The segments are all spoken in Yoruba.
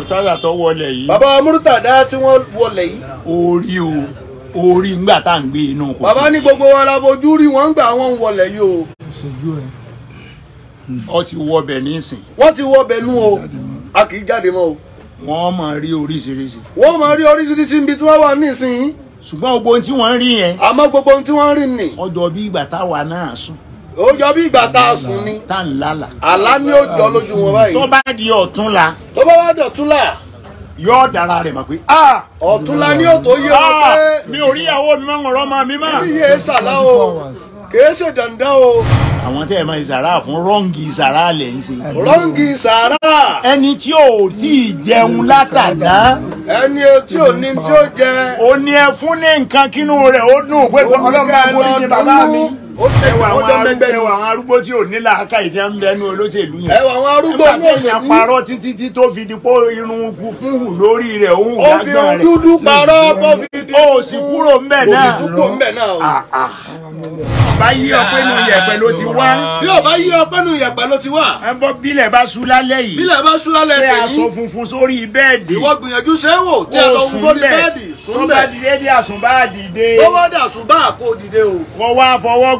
murtada tó wọlé yìí. bàbá murtada tí wọ́n wọlé yìí. orí o orí ńgbà tá à ń gbé inú kò. bàbá ní gbogbo wa la fojú rí wọn gbà wọn ń wọlé yìí o. wọ́n ti wọ ọbẹ̀ nísìn. wọ́n ti wọ ọbẹ̀ nú o a kì í jáde mọ́ o. wọ́n máa rí oríṣiríṣi. wọ́n máa rí oríṣiríṣi níbi tí wọ́n wà nísìnyí. ṣùgbọ́n gbogbo ohun tí wọ́n ń rí yẹn. àmọ́ gbogbo ohun tí wọ́n ń rí ni. ọjọ́ bí ìgbà táwa náà sùn. ó jọ bí ìgbà tá a sùn ni àlá ni ó jọ lójú wọn báyìí. tó bá di ọ̀túnla. tó bá wá di ọ̀túnla. yóò dára rẹ̀ mọ̀ pé. Ah! Ah, ọ̀túnla ni ó tó yé wọn ah, pé. mi ò rí ìyàwó mi máa ń rọ́ máa mi máa. mi yé sàlá o kìí ṣe dandan o. àwọn tẹ́ ẹ máa ìsàrà fún rọ́ǹgì ìsàrà lẹ̀ ń ṣe. rọ́ǹgì ìsàrà. ẹni tí ò tí ì jẹun látàná. ẹni tí ò ní tí ó jẹ. ó ní ẹ fún ní nǹkan kínú rẹ̀ ó dùn pé ọlọ́mọ àgbọ̀n ìjẹ bàbá mi ẹwà àwọn arúgbó tí ò ní làákà ìtẹ́ ń bẹnu olóṣèlú yẹn ẹwà àwọn arúgbó ní òṣèlú yẹn parọ́ títí tí tó fi di pé irun fún hù lórí rẹ̀ òun hù lágbára rẹ̀ ó fi dúdú parọ́ kó fi di ó sì kúrò ń bẹ̀ náà ó sì kúrò ń bẹ̀ náà ah, ah. bá yí ọpẹ́ nu yẹ̀pẹ̀ ló ti wá. bí o bá yí ọpẹ́ nu yẹ̀pẹ̀ ló ti wá. ẹ bọ bílẹ̀ bá sú lálẹ́ yìí. bílẹ̀ bá sú lálẹ́ tẹ̀yìn. tẹ aṣọ funfun sórí bẹ́ẹ̀dì. ìwọ gbìyànjú ṣe é wò tí a lọ fún sórí bẹ́ẹ̀dì. tó bá dìde dé àsùnbà dìde. bọ́wọ́ dàsùnbà kò dìde o. kò wá fọwọ́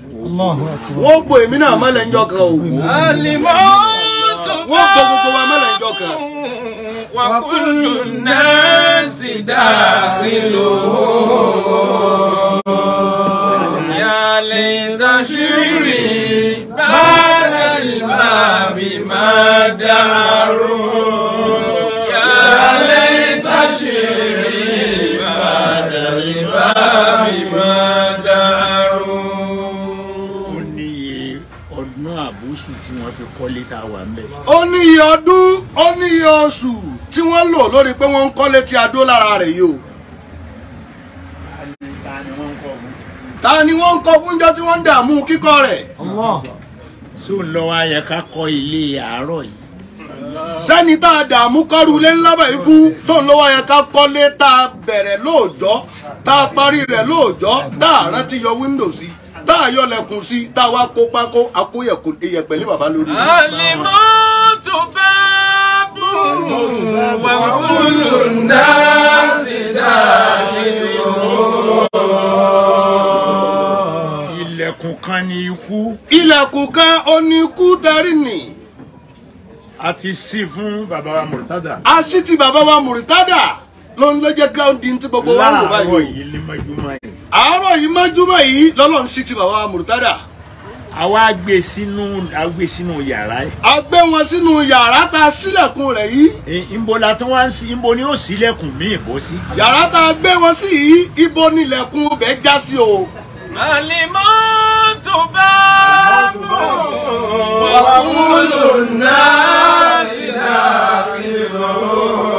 wọ́n bo èmi náà mọ́lẹ̀ ńjọ́ kan o. wọ́n bo gbogbo wa mọ́lẹ̀ ńjọ́ kan. wàkúlù náà sì dáhìlò. yàlẹ̀ ìdásírì bá lè má bí má dàrú. fi kọ́lé tá a wà ń bẹ̀. ó ní iye ọdún ó ní iye oṣù tí wọ́n lò lórí pé wọ́n ń kọ́lé tí a dó lára rẹ̀ yìí o. ta ni wọ́n ń kọ́ fúnjọ́ tí wọ́n ń dààmú kíkọ́ rẹ̀. ṣó ń lọ ayẹ ká kọ́ ilé àárọ̀ yìí. sẹ́ni tá a dààmú kọ́rù ilé ńlá báyìí fún ṣó lọ́wọ́ ayẹ ká kọ́lé tá a bẹ̀rẹ̀ lóòjọ́ tá a parí rẹ̀ lóòjọ́ tá a rántí yọ wíńdò sí i tá a yọ lẹ̀kùn sí tá a wá kó pákó akó iyẹ̀pẹ̀ lé bàbá lórí. àlìmọ́ tó bá bù wà kúlù náà sì dá ìrò. ilẹ̀kùn kan ni ikú. ilẹ̀kùn kan oníkú darí nì. a ti sí fún bàbá wa mùrítádà. a sì ti bàbá wa mùrítádà ló ń lọ́jẹ́ káńdì tí gbogbo wa ń lò báyìí. láàárọ̀ yìí ní mọ́júmọ́ yìí. àárọ̀ yìí mọ́júmọ́ yìí lọ́lọ́run sì ti bàbá mùrùtádà. àwa gbé sínú àgbé sínú yàrá yìí. a gbé wọn sínú yàrá ta sílẹ̀kùn rẹ̀ yìí. ìbo la tún wá ń sí ìbo ni ó sílẹ̀kùn mí ìbò sí. yàrá ta gbé wọn sí yìí ibo nílẹ̀kùn bẹ́ já sí o. màlímọ́ tó bá mú wàkúlù náà sí náà lọ́wọ́.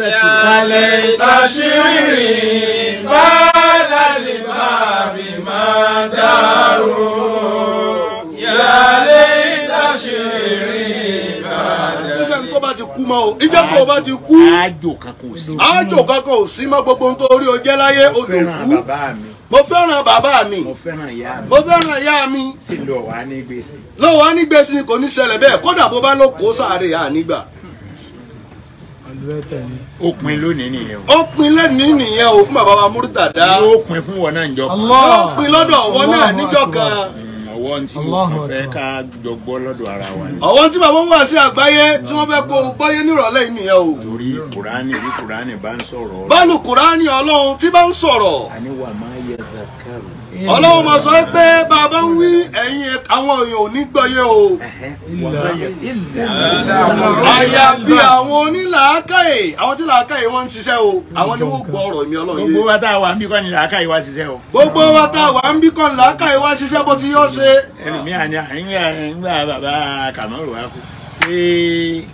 تسير ليت شيري بعد الباب ما داروا يا ليت شيري ìjẹ́ kó o bá ti kú ájò kankan ò sí mọ́ gbogbo ohun tó rí o jẹ́ láyé o lè kú mo fẹ́ràn bàbá mi mo fẹ́ràn ìyá mi lọ́wọ́ á ní gbèsè kò ní ṣẹlẹ̀ bẹ́ẹ̀ kódà bó bá ló kó sáré ànígbà ó lónìí nìyẹn o. ó lónìí nìyẹn o fún bàbá wa Murtada. yóò pin fún wọn náà níjọ́ kan. yóò lọ́dọ̀ wọn náà níjọ́ hmm, ọwọ́ tí mo fẹ́ ká jọ lọ́dọ̀ ara wa ọwọ́ tí bàbá wọn sí àgbáyé tí wọ́n fẹ́ kó o gbọ́yé nírọ̀lẹ́ yìí nìyẹn o. torí kùránì bí kùránì bá ń sọ̀rọ̀. bánu kùránì ọlọ́run tí bá ń sọ̀rọ̀. àníwá máa ọlọ́run máa sọ pé bàbá ń wí ẹ̀yin àwọn èèyàn ò ní gbọ́yé o àyàfi àwọn onílàákàyè àwọn tí làákàyè wọn ń ṣiṣẹ́ o àwọn ni wọ́n gbọ́ ọ̀rọ̀ mi ọlọ́run yé. gbogbo wa tá a wà ń bí kọ́ ni làákàyè wa ṣiṣẹ́ o. gbogbo wa tá a wà ń bí kọ́ ni làákàyè wa ṣiṣẹ́ bó ti yọ ṣe. ẹlòmíràn ni àyìnbá bàbá kàmọ́rò wa kú pé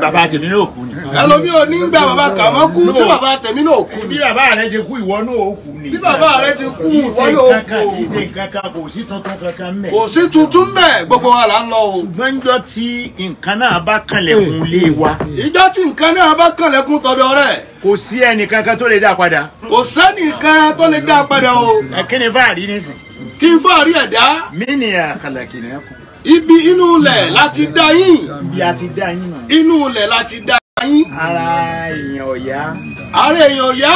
bàbá tèmi náà kú ni. ẹlòmí ò ní gba bàbá kàmọ́ kú sí bàbá tèmi náà kú ni. bí bàbá rẹ ti kú ìwọ náà ni. bí bàbá rẹ ti kú ìwọ náà ó kú. kì í ṣe nǹkan kan kò sí tuntun kankan mẹ́. kò gbogbo wa là ń lọ o. ṣùgbọ́n njọ́ tí nǹkan náà bá kanlẹ̀kùn lé wa. ìjọ́ tí nǹkan náà bá kanlẹ̀kùn tọ̀dọ̀ rẹ̀. kò sí ẹnìkankan tó lè dá padà. kò sẹ́nìkan tó lè dá padà o. kí ni fáàrí nísìn. kí n fáàrí ẹ̀dá. mí ni àkàlà kìnìún ibi inú ilẹ̀ láti dá yín. ibi àti dá yín. inú ilẹ̀ láti dá yín. ara èèyàn ọ̀yá. ara èèyàn ọ̀yá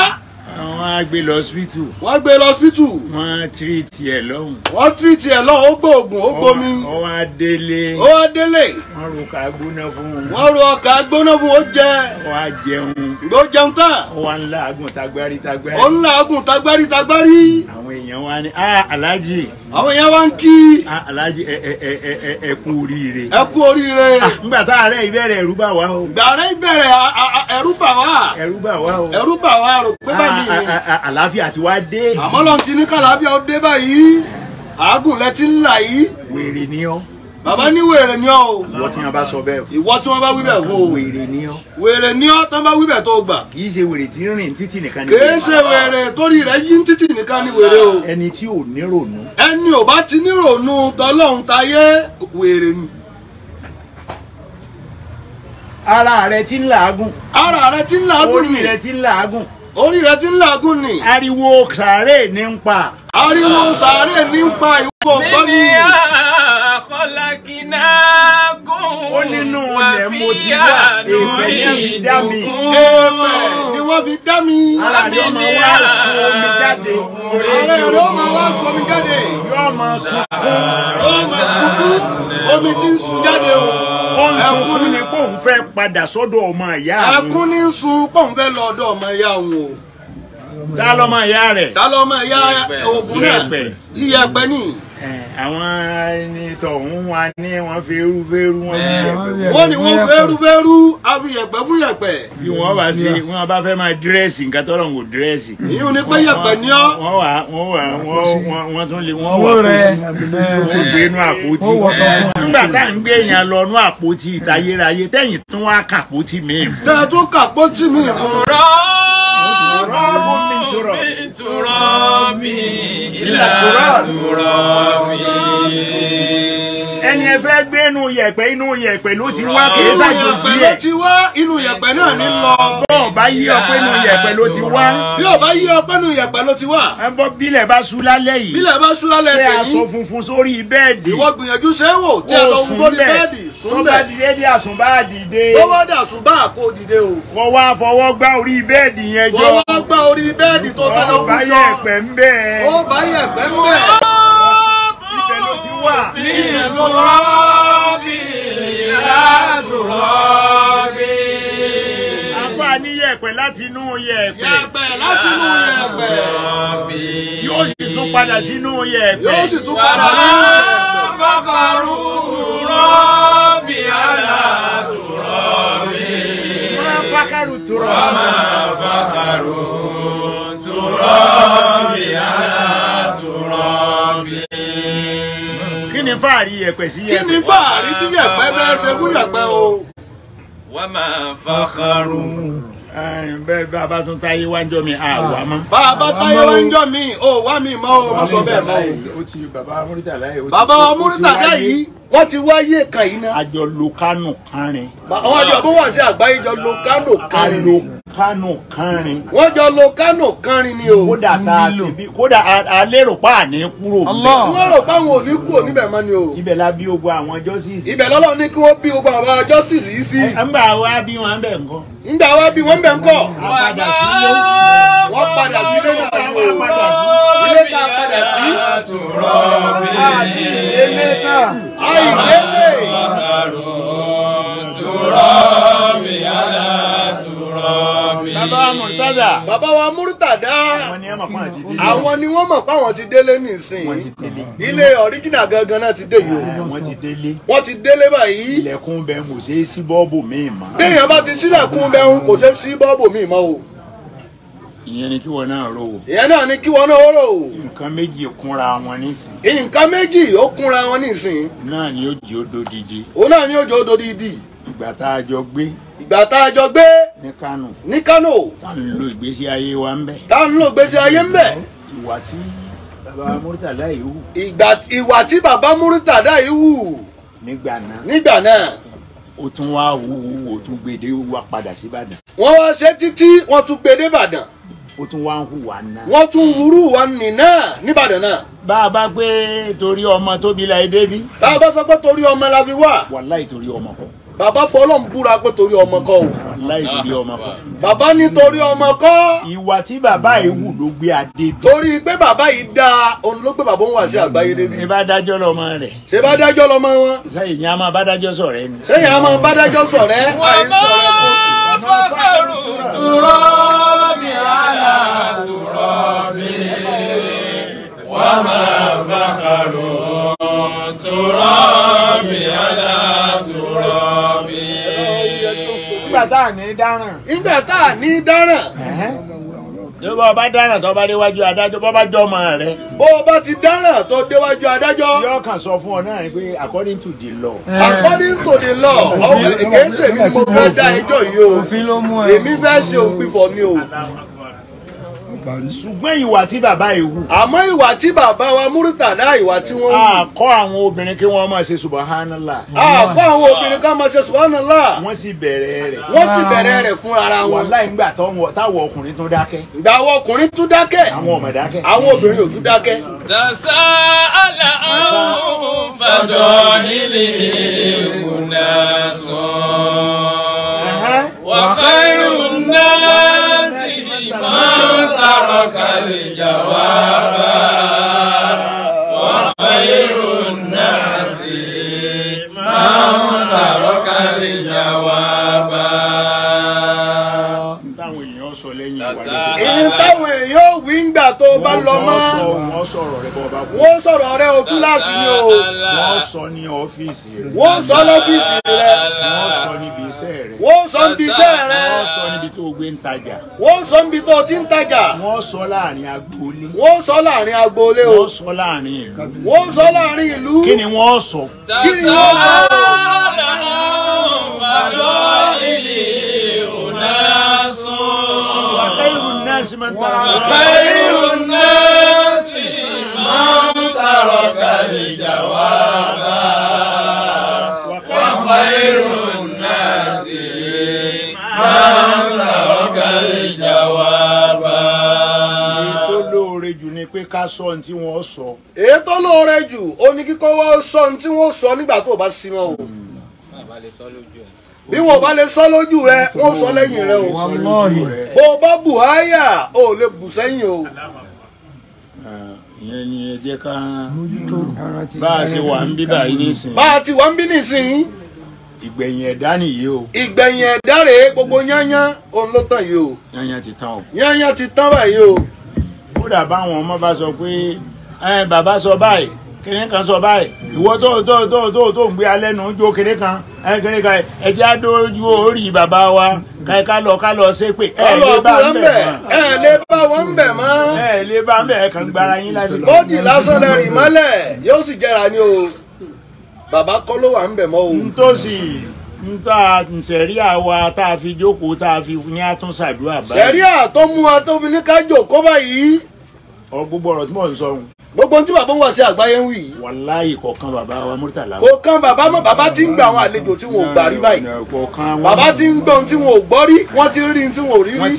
àwọn á gbé lọ hospital. wọ́n gbé lọ hospital. wọ́n treat ẹ̀ lọ́hùn. wọ́n treat ẹ̀ lọ́hùn ó gbóògùn ó gbomi. ó wá délé. ó wá délé. wọ́n ro ọkà gbóná fún un. wọ́n ro ọkà gbóná fún un ó jẹ. ó wá jẹun. ìgbó jẹun tán. ó wá ń làágùn tagbárí tagbárí. ó ń làágùn tagbárí tagbárí. àwọn èèyàn wa ni aláàjì. àwọn èèyàn wa ń kí. aláàjì ẹ ẹ ẹ ẹ ẹ kú oríire. ẹ kú oríire. nígbà ah, tá àárẹ̀ ìbẹ̀rẹ̀ ẹ̀rú bà wá o. gbàrẹ́ ìbẹ̀rẹ̀ ẹ̀rú bà wá. ẹ̀rú bà wá o. ẹ̀rú bà wá o. pé bá mi ah, àlàáfíà ti wá dé. àmọ́ lọ́n ti ní kàlàáfíà ó dé báyìí àágùn lẹ ti ń là yìí. wèrè ni ọ́. bàbá ní wèrè ni ọ́ o. ìwọ tí wọn bá sọ bẹ́ẹ̀ o. ìwọ tí wọn bá wí bẹ́ẹ̀ o. wèrè ni ọ́. wèrè ni ọ́ tán bá wí bẹ́ẹ̀ tó gbà. kì í ṣe wèrè tí ń rìn títì nìkan ni. kì í ṣe wèrè torí rẹ̀ yí ń títì nìkan ni wèrè o. ẹni tí ò ní rònú. ẹni ò bá ti ní rònú tọlọ́hún tayé wèrè ni ara rẹ ti ń làágùn. ara rẹ ti ń làágùn ni. orí rẹ ti ń làágùn orí rẹ ti ń làágùn ni. ariwo sàárè ní ń pa. ariwo sàárè ní ń pa ìwúwo gbọ́ mi. mímí àkọlákínà gùn wá sí àná ìlú. èèpẹ̀ wọ́n fi dá mi. ara rẹ̀ ó máa wá mi jáde. ara rẹ̀ ó máa wá sọmi jáde. yóò máa sunkún. yóò máa sunkún. omi ti ń sun jáde o. ó ń sunkún ní kó òun fẹ́ padà sọ́dọ̀ ọmọ ìyá òun. ẹkún ní ń sun kó òun fẹ́ lọ ọ̀dọ̀ ọmọ ìyá òun o. ta lọ́mọ ìyá rẹ̀. ta lọ́mọ ìyá òògùn náà. yíyẹpẹ ní. Eh, àwọn ẹni tọ̀hún wa ní wọ́n fẹ́rú fẹ́rú eh, wọ́n fi yẹ̀pẹ̀. wọ́n ní wọ́n fẹ́rú fẹ́rú a fi yẹ̀pẹ̀ fún yẹ̀pẹ̀. bí wọ́n bá ṣe wọ́n bá fẹ́ máa dírẹ́sì nǹkan tọ́lọ̀ ń wò dírẹ́sì. èyí ò ní pẹ́ yẹ̀pẹ̀ ní ọ́. wọ́n wà wọ́n wà wọ́n tún lè wọ́n wà kó sí wọ́n eh. gbé inú àpótí. nígbà tá à ń gbé èèyàn lọ inú àpótí ìtayérayé tẹ́yìn tún wá kàpótí mi. tẹ́ẹ̀ tún kàpótí mi. ọ̀rọ̀ ọ̀rọ̀ من تراب إلى تراب ẹni ẹ fẹ́ gbé inú yẹ̀pẹ̀ inú yẹ̀pẹ̀ ló ti wá kí ṣáàjì díẹ̀. inú yẹ̀pẹ̀ ló ti wá inú yẹ̀pẹ̀ náà ní lọ. bó o bá yí ọpẹ́ inú yẹ̀pẹ̀ ló ti wá. bí o bá yí ọpẹ́ inú yẹ̀pẹ̀ ló ti wá. ẹ bọ bílẹ̀ bá sú lálẹ́ yìí. bílẹ̀ bá sú lálẹ́ tèmi. ṣé aṣọ funfun sórí bẹ́ẹ̀dì. ìwọ gbìyànjú sẹ́wò tí a lọ sórí bẹ́ẹ̀dì sùn bẹ́ẹ̀. tó bá dìde dé àsùnbà dìde. tó bá dé àsùnbà kó dìde o. wọ́n wá fọwọ́ gbá orí bẹ́ẹ̀dì yẹn jọ. fọwọ́ gbá orí bẹ́ẹ̀dì tó tẹ́lẹ̀ ojú jọ. ó bá ń bẹ̀. ó bá ń bẹ̀. ibẹ̀ ló ti wà. bí ìlú rọ́ọ̀bì ìlà àtúrọ́ọ̀bì yẹ̀pẹ̀ láti inú yẹ̀pẹ̀. yẹ̀pẹ̀ láti inú yẹ̀pẹ̀. yóò sì tún padà sínú yẹ̀pẹ̀. yóò sì tún padà sínú yẹ̀pẹ̀. fọkàrù rọ́ọ̀bì aláàtúrọ̀bì. máa fákàrù tùrọ̀. máa fákàrù tùrọ̀bì aláàtúrọ̀bì. kí ni fáàrí yẹ̀pẹ̀ sí yẹ̀pẹ̀. kí ni fáàrí tí yẹ̀pẹ̀ bẹ́ẹ̀ ṣe fún yẹ̀pẹ̀ o. وما فخروا bẹ́ẹ̀ bá a bá tún táyé wá ń jọ mi àwa mọ́. bá a bá táyé wá ń jọ mi ò wá mi mọ́ o má sọ bẹ́ẹ̀ mọ́ o. bàbá Muritala yìí wọ́n ti wáyé kan yìí náà. àjọ lo kánò kárin. àwọn àjọ bó wà sí àgbáyé jọ lo kánò kárin. kánò kánrin. wọ́n jọ lo kánò kánrin ni o. kódà tá a ti bí kódà a pa àní kúrò. tí wọ́n rò àwọn kúrò níbẹ̀ mọ́ ni o. ibẹ̀ la bí ogun àwọn justice. ibẹ̀ lọ́lọ́ ní kí wọ́n bí ogun àwọn justice yìí sí. ẹ ń bá wa bí wọn bẹ̀ wọn bẹ̀ ń kọ́. padà padà náà ilé bàbá wa Murtada. bàbá wa Murtada. àwọn ni wọ́n mọ̀ pé àwọn ti délé nísìnyí. ilé ọ̀ríjìnà gangan náà ti dé yìí o. wọ́n ti délé. wọ́n ti délé báyìí. ilẹ̀kùn bẹ́ẹ̀ kò ṣeé sí bọ́ọ̀bù míì mọ́. téèyàn bá ti sílẹ̀kùn bẹ́ẹ̀ kò ṣeé sí bọ́ọ̀bù míì mọ́ o ìyẹn ni kí wọn náà rò ó. ìyẹn náà ni kí wọn náà rò ó. nǹkan méjì kúnra wọn nísìn. nǹkan méjì ó kúnra wọn nísìn. náà ni ó jẹ́ odò òun náà ni ó jẹ́ odò dídì. ìgbà tá a jọ gbé ìgbà tá a jọ gbé. ní Kánò. ní Kánò. tá n lo ìgbésí ayé wa ń bẹ. tá n lo ìgbésí ayé ń bẹ. ìwà tí baba Muritàlá yìí hù. ìgbà ìwà tí baba Muritàlá yìí hù. nígbà náà. nígbà náà. ó tún wá wúwo ó tún gbèdé wá padà sí Ìbàdàn. wọ́n wá ṣe títí wọ́n tún gbèdé Ìbàdàn. ó tún wá ń hùwà náà. wọ́n tún wúrú wa nì náà níbàdàn náà. bá a bá pé torí ọmọ tóbi la ẹ débi. bá a bá sọ pé torí ọmọ la fi wà. wàláì bàbá fọlọ́n búra pé torí ọmọ kọ́ o. láì torí ọmọ kọ́. bàbá nítorí ọmọ kọ́. ìwà tí bàbá yìí wù ló gbé adé dé. torí pé bàbá yìí dáa òun ló gbé bàbá òun wá sí àgbáyé débi. ṣé bá dájọ́ lọ́mọ rẹ̀. ṣé bá dájọ́ lọ́mọ wọn. sẹ́yìn yẹn a máa bá dájọ́ sọ̀rẹ́ ni. sẹ́yìn a máa bá dájọ́ sọ̀rẹ́. wọ́n bá fọ́kàrù tùrọ́ mi àlà tùrọ́ mi wọ́n máa fọ́kàrù tùrọ́bì àlà tùrọ́bì. nígbà tá a ní dáràn. nígbà tá a ní dáràn. tó bá ọba dáràn tó bá déwájú adájọ́ bó bá jọ ọmọ rẹ. bó o bá ti dáràn tó déwájú adájọ́. yóò kàn sọ fún ọ náà pé according to the law. according to the law ọ̀hún kìí ṣèmi ni mo fẹ́ dá ẹjọ́ yìí o èmi fẹ́ ṣe òpin fọ̀ ni o parí. ṣùgbọ́n ìwà tí bàbá yìí hù. àmọ́ ìwà tí bàbá wa Murtala ìwà tí wọ́n hù. àkọ́ àwọn obìnrin kí wọ́n máa ṣe subahánálà. àkọ́ àwọn obìnrin ká máa ṣe subahánálà. wọ́n sì bẹ̀rẹ̀ rẹ̀. wọ́n sì bẹ̀rẹ̀ rẹ̀ fún ara wọn. wàláì ńgbà táwọn ọkùnrin tún dákẹ́. ìgbà àwọn ọkùnrin tún dákẹ́. àwọn ọmọ dákẹ́. àwọn obìnrin ò tún dákẹ́. dàṣà àlà àwọn fàdọ̀ من ترك الجواب وخير الناس من ترك الجواب. èyí táwọn èèyàn ò wí ńgbà tó bá lọ mọ́ wọ́n sọ̀rọ̀ rẹ o túláàsì ni o wọ́n sọ ní ọ́fíìsì rẹ wọ́n sọ lọ́fíìsì rẹ wọ́n sọ níbi iṣẹ́ rẹ wọ́n sọ níbi iṣẹ́ sọ níbi tó gbé ń tajà. wọ́n sọ níbi tó ti ń tajà. wọ́n sọ láàrin agboolé. wọ́n sọ láàrin agboolé o. wọ́n sọ láàrin ìlú. wọ́n sọ láàrin ìlú. kí ni wọ́n sọ. kí ni wọ́n sọ. وخير الناس ká sọ ohun tí wọ́n sọ. èyí tó lóore jù ó ní kíkọ́ wọ́n sọ ohun tí wọ́n sọ nígbà tó o bá sí mọ́ o. bí wọn bá lè sọ lójú rẹ wọn sọ lẹ́yìn rẹ o. bó o bá bù háyà o ò lè bù sẹ́yìn o. ìyẹn ni ẹ jẹ́ ká bá a ṣe wà ń bí báyìí nísìnyí. bá a ti wà ń bí nísìnyí. ìgbẹ̀yìn ẹ̀dá nìyí o. ìgbẹ̀yìn ẹ̀dá rèé gbogbo yányán òun ló tàn yìí o. yányán ti tán o. yányán ti tán báyìí o. kódà báwọn ọmọ bá sọ pé ẹ bàbá sọ báyìí kìnìún kan sọ báyìí ìwọ tó tó tó tó tó ń gbé alẹ́ kan ẹ kìnìún kan ẹ jẹ́ wa káyọ̀ ká lọ ká lọ ẹ lè bá bẹ̀ ẹ lè bá wọn bẹ̀ mọ́ ẹ lè bá bẹ̀ ẹ kàn gbára yín lásìkò. ó di lásán mọ́lẹ̀ yóò sì ni o bàbá kọ́ ló wà ń o. nta wa tá a fi jókòó tá a fi ní àtúnṣàdúrà báyìí. gbogbo ọ̀rọ̀ tí mò ń sọ ohun gbogbo tí bàbá wà sí àgbáyé ń wì wàláyé kọ̀ọ̀kan bàbá wa Murtala. kọ̀ọ̀kan bàbá mọ̀ bàbá ti ń gba àwọn àlejò tí wọn ò gbà rí báyìí. bàbá ti ń gbọ́n tí wọn ò gbọ́ rí wọ́n ti ń rí tí wọn ò rí rí.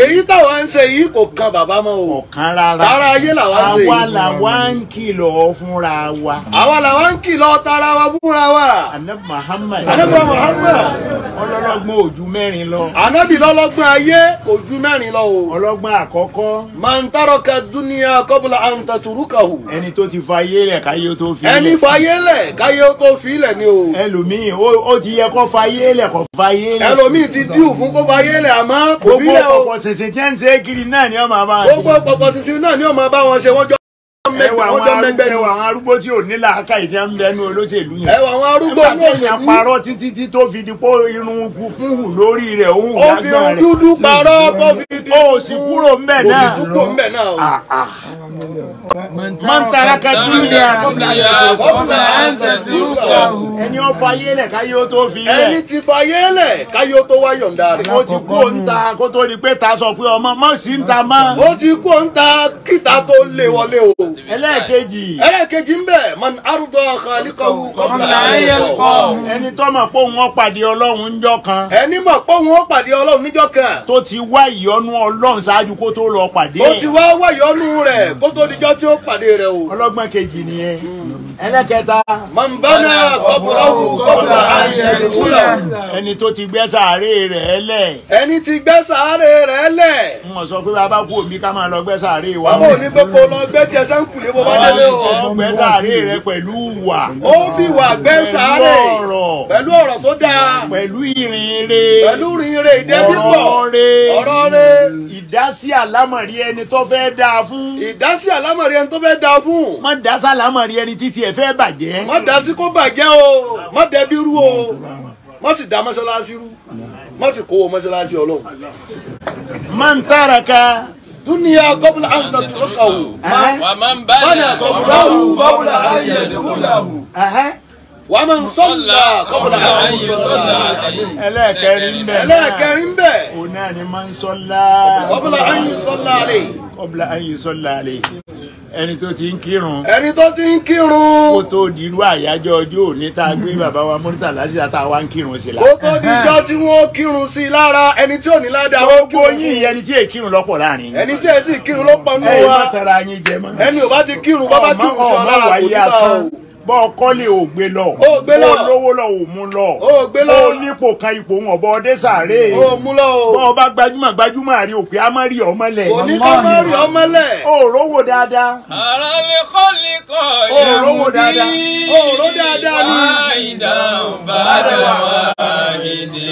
èyí táwa ń ṣe yìí kò kan bàbá mọ́ o. ọ̀kan rárá tara ayé làwa ń ṣe yìí. àwa làwa ń kìlọ̀ fúnra wa. àwa làwa ń kìlọ̀ tara wa fúnra wa. anabi Muhammad. anabi Muhammad. ọlọ́lọ́gbọ́n ò mẹ́rin lọ mùlùkàhù. ẹni tó ti fa ayé lẹ̀ káyé tó fi lẹ̀. ẹni fa ayé lẹ̀ káyé tó fi lẹ̀ ni o. ẹlòmíì ó ti yẹ kó fa ayé lẹ̀ kó fa ayé lẹ̀. ẹlòmíì ti díù fún kó fa ayé lẹ̀ àmọ́ kò fi lẹ̀ o. gbogbo pọ̀pọ̀ ṣinṣin tí ń ṣe kiri náà ni ó máa bá wọn ṣe. gbogbo pọ̀pọ̀ ṣinṣin náà ni ó máa bá wọn ṣe wọ́n jọ wọ́n jọ mẹgbẹ́ ni. ẹ wà àwọn arúgbó tí ò ní làákà ìtì ń bẹnu olóṣèlú yẹn. ẹ wà àwọn arúgbó ní òṣèlú. nígbà tí èèyàn parọ́ títí tí tó fi di pé irun fún hù lórí rẹ̀ òun hù lágbára rẹ̀. ó fi dúdú parọ́ kó fi di. o sì kúrò ń bẹ̀ náà. o sì kúrò ń bẹ̀ náà. máa ń tara ka dúró ní àkọ́bùnà ẹni ó fayé lẹ̀ káyé ó tó fi lẹ̀. ẹni tí fayé lẹ̀ káyé ó tó wá yọ̀ǹda rẹ̀. ó ti kú òun ta kó tó di pé ta sọ pé ọmọ mọ̀ sí ń ta mọ́. ó ti kú òun ta kíta tó lé wọlé o. ẹlẹ́ẹ̀kejì ẹlẹ́ẹ̀kejì ń bẹ̀ man arúgbó xalikọ̀wù kọ́bùlà ayẹ̀kọ́. ẹni tó mọ̀ pé òun pàdé ọlọ́run níjọ́ kan. ẹni mọ̀ pé òun pàdé ọlọ́run kan. tó ti wá ìyọ́nú ọlọ́run ṣáájú kó tó lọ pàdé. ti wá wá kó tó dijọ́ tí ó pàdé ẹlẹ́kẹta. mọ̀nbánà kọ́bùrọ́wù kọ́bùrọ́ ayẹ̀dùkúlà. ẹni tó ti gbẹ́ sàárè rẹ̀ lẹ̀. ẹni ti gbẹ́ sàárè rẹ̀ lẹ̀. n mọ̀ sọ pé bàbá kú omi ká máa lọ gbẹ́ sàárè wa. bàbá òní pé kó lọ gbẹ́ jẹ sẹ́ńkù ní bọ́bá délé o. ó gbẹ́ sàárè rẹ pẹ̀lú wà. ó fi wà gbẹ́ sàárè. pẹ̀lú ọ̀rọ̀ tó dáa. pẹ̀lú ìrìnre. pẹ̀lú ìrìnre ìdẹ́bíbọ̀. ọ̀rọ̀ ìdásí àlámọ̀rí ẹni tó fẹ́ dáa fún. ìdásí àlámọ̀rí ẹni tó fẹ́ dáa fún. má dásí àlámọ̀rí ẹni títí ẹ tiẹ̀ fẹ́ bàjẹ́. má dá sí kó bàjẹ́ o má dẹbi rú o má sì dá mọ́ṣáláṣí rú má sì kówó mọ́ṣáláṣí ọlọ́run. máa ń tára ka. dúnìyà kọ́bùlà àwọn tó tó kà wò. báyà kọ́bùlà wù kọ́bùlà ayé ìdíwọ́là wù. wà á máa ń sọ́là kọ́bùlà àwọn tó sọ́là. ẹlẹ́ẹ̀kẹrin bẹ́ẹ̀. ẹlẹ́ẹ̀kẹrin bẹ́ẹ̀. òun náà ni máa ń sọ́là. kọ́bùlà ayé sọ́là ẹni tó ti ń kírun. ẹni tó ti ń kírun. kó tó di irú àyájọ́ ọjọ́ òní tá a gbé bàbá wa Murtala sí ata wa ń kírun sí la. kó tó di ijọ́ tí wọ́n kírun sí i lára ẹni tí ò ní ládàá. gbogbo yín ẹni tí èyí kírun lọ́pọ̀ láàrin. ẹni tí èyí sì kírun lọ́pọ̀ nù wa. ẹni ò bá ti kírun bá bá kírun sọ lára kò ní bá bọ́ ọkọ́ lè ò gbé lọ. ó gbé lọ. ó lówó lọ ò mú lọ. ó gbé lọ. ó nípò kan ipò ń ọ̀bọ ọdẹ sàárè. ó mú lọ o. bọ́ ọba gbajúmọ̀ gbajúmọ̀ àrí òkè amárì ọmọlẹ̀. òní kò má rí ọmọlẹ̀. ó rówó dáadáa. ara mi kọ́ ni kọ́ ìyàwó bí. ó rówó dáadáa. ó ró dáadáa ni. àìdá bá dà wá gidi.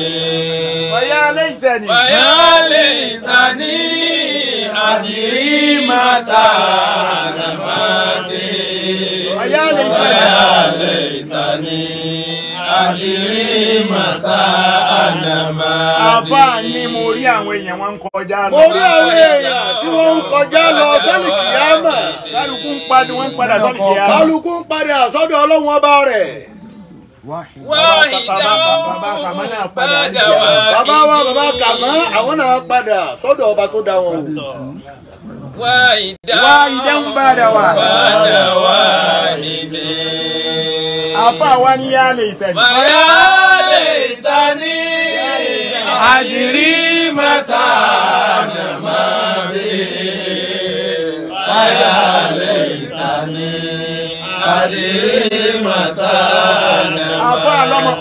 ọ̀yá alẹ́ ìtẹ̀ni. ọ̀yá alẹ́ ìtẹ̀ni àdìrí máa ta. àdìrí màtá ànàmà. àfáà ni mo rí àwọn èèyàn wọn ń kọjá lọ. mo rí àwọn èèyàn tí wọ́n ń kọjá lọ sẹ́lì kìyàmà. kálukú ń padà wọ́n ń padà sọ́dọ̀ kìyàmà. kálukú ń padà sọ́dọ̀ ọlọ́run ọba rẹ̀. Bàbá wa bàbá Kàmá àwọn náà padà sọ́dọ̀ ọba tó dá wọn o. Wá ìdá padà wá. Padà wá ìdè. Afa wa ní yá lè tẹ̀lé. bàyá lè ta ní àdìrí mẹ́ta nàmá bẹ́ẹ̀ bàyá lè àdìrímọ̀tà nàmà. àfa àlọ́mọ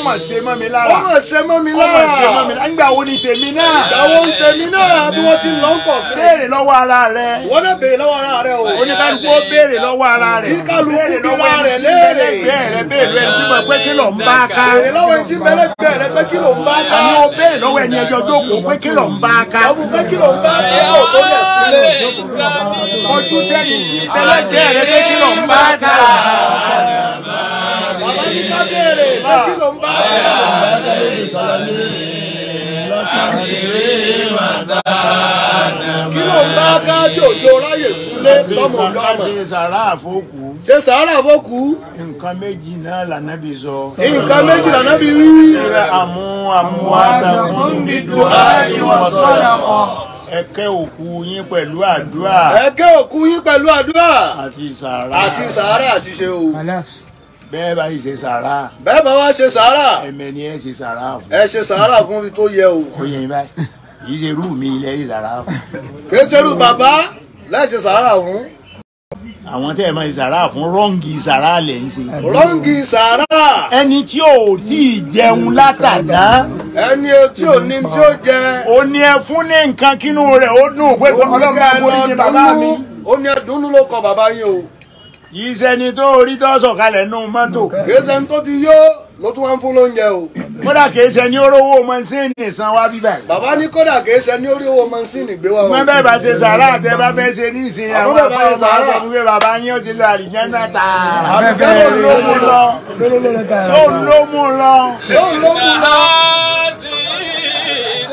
ọmọ ṣe mọ́ mi lára. ọmọ ṣe mọ́ mi lára. ọmọ ṣe mọ́ mi lára. ńgbà wo ni tèmi náà. ìgbà wo ni tèmi náà bí wọ́n ti lọ́ ń kọ̀ kí. béèrè lọ́wọ́ ara rẹ. wọ́n náà béèrè lọ́wọ́ ara rẹ o. oníkálukú ó béèrè lọ́wọ́ ara rẹ. kíkálukú bíra rẹ léèrè. béèrè béèrè ẹni tí mo pé kí ló ń bá ká. béèrè lọ́wọ́ ẹni tí mẹ́lẹ́ béèrè pé kí ló ń bá ká. àmì ojú sẹ́ni ẹlẹ́jẹ̀ rẹ pé kí ló ń bá kà bàbá yìí ká béèrè pé kí ló ń bá kà á. bàbá yìí ká béèrè lọ́sàn-án. kí ló ń bá ká tí òjò ráyè súnlé lọ́mọ lọ́mọ. ṣe sàárà àfọ́kù. ṣe sàárà àfọ́kù. nǹkan méjì náà lànàbí sọ. nǹkan méjì lànàbí wí. àmú àmú àtàkùn dídùn àìwọ̀sọ̀rọ̀ ẹ kẹ́ òkú yín pẹ̀lú àdúrà. ẹ kẹ́ òkú yín pẹ̀lú àdúrà. àti sàárà. àti sàárà àti ṣe o. bẹ́ẹ̀ bá yìí ṣe sàárà. bẹ́ẹ̀ bá wá ṣe sàárà. ẹ̀mẹ̀ ni ẹ ṣe sàárà fún. ẹ ṣe sàárà fún mi tó yẹ o. ó yẹ yín báyìí kì ṣe irú mi ilẹ̀ yìí sàárà fún. kì í ṣe irú bàbá láì ṣe sàárà fún àwọn tẹ́ ẹ máa ìsàrà fún rọ́ǹgì ìsàrà lẹ̀ ń ṣe. rọ́ǹgì ìsàrà. ẹni tí ò tí ì jẹun látàná. ẹni tí ò ní tí ó jẹ. ó ní ẹ fún ní nǹkan kínú rẹ̀ ó dùn pé ọlọ́mọ àforíjì bàbá mi. ó ní ẹdùnnú ló kọ bàbá yín o. yìí sẹni tó orí tó sọ̀kalẹ̀ nù mọ́tò. kí sẹni tó ti yó ló tún wá ń fún lóúnjẹ o. kódà kìí ṣe ní orówó mọ́sínì san wá bíbá bàbá ní kódà kìí ṣe ní orówó mọ́sínì gbé wá o. mọ bá ṣe sàárà àtẹ bá fẹ́ ṣe ní ìsìn àwọn ọmọ ọmọ sọ fún pé bàbá yín ó ti lọ àlìjẹ́nà tààrà. àbẹ̀kẹ́ ló mú lọ. tó ló mú lọ. tó ló mú lọ.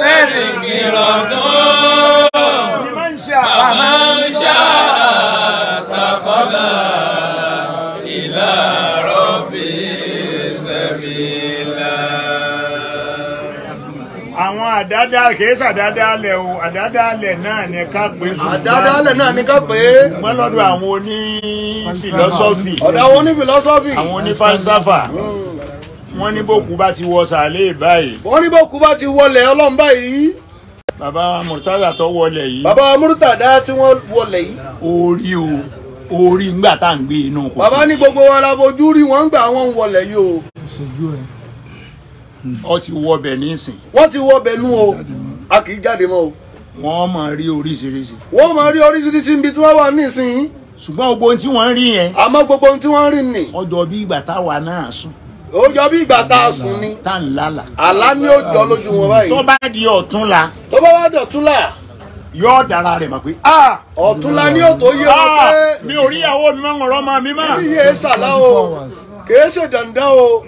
bẹ́ẹ̀ ni ìrọ̀ tó. àdáadáa kì í sàdáadáalẹ̀ o àdáadáalẹ̀ náà ni ká pé sùn. àdáadáalẹ̀ náà ni ká pé. wọ́n lọ́dọ̀ àwọn oní fìlọ́sọ́fì. ọ̀dọ̀ àwọn oní fìlọ́sọ́fì. àwọn oní fàlsáfà wọ́n ní bòkú bá ti wọ sàlẹ̀ báyìí. wọ́n ní bòkú bá ti wọlé ọlọ́run báyìí. bàbá murtada tó wọlé yìí. bàbá murtada tí wọ́n wọlé yìí. orí o orí ngbà tá à ń gbé inú kò. bàbá ní gbogbo wa la fojú rí wọn gbà wọn wọlé yìí o ọ ti wọ ọbẹ̀ nísìn. wọ́n ti wọ ọbẹ̀ nú o a kì í jáde mọ́ o. wọ́n máa rí oríṣiríṣi. wọ́n máa rí oríṣiríṣi níbi tí wọ́n wà nísìn. ṣùgbọ́n gbogbo ohun tí wọ́n ń rí yẹn. àmọ́ gbogbo ohun tí wọ́n ń rí ni. ó jọ bí ìgbà táwa náà sùn. ó bí ìgbà tá a sùn ni. tá n lálà. àlá ni ó jọ lójú wọn báyìí. tó bá di ọ̀túnla. tó bá wá di ọ̀túnla yóò dára rẹ̀ mọ̀ pé. Ah, ah, ọ̀túnla ni yóò tó yé wọn ah, pé. mi ò rí ìyàwó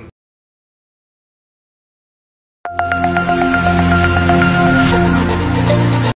mi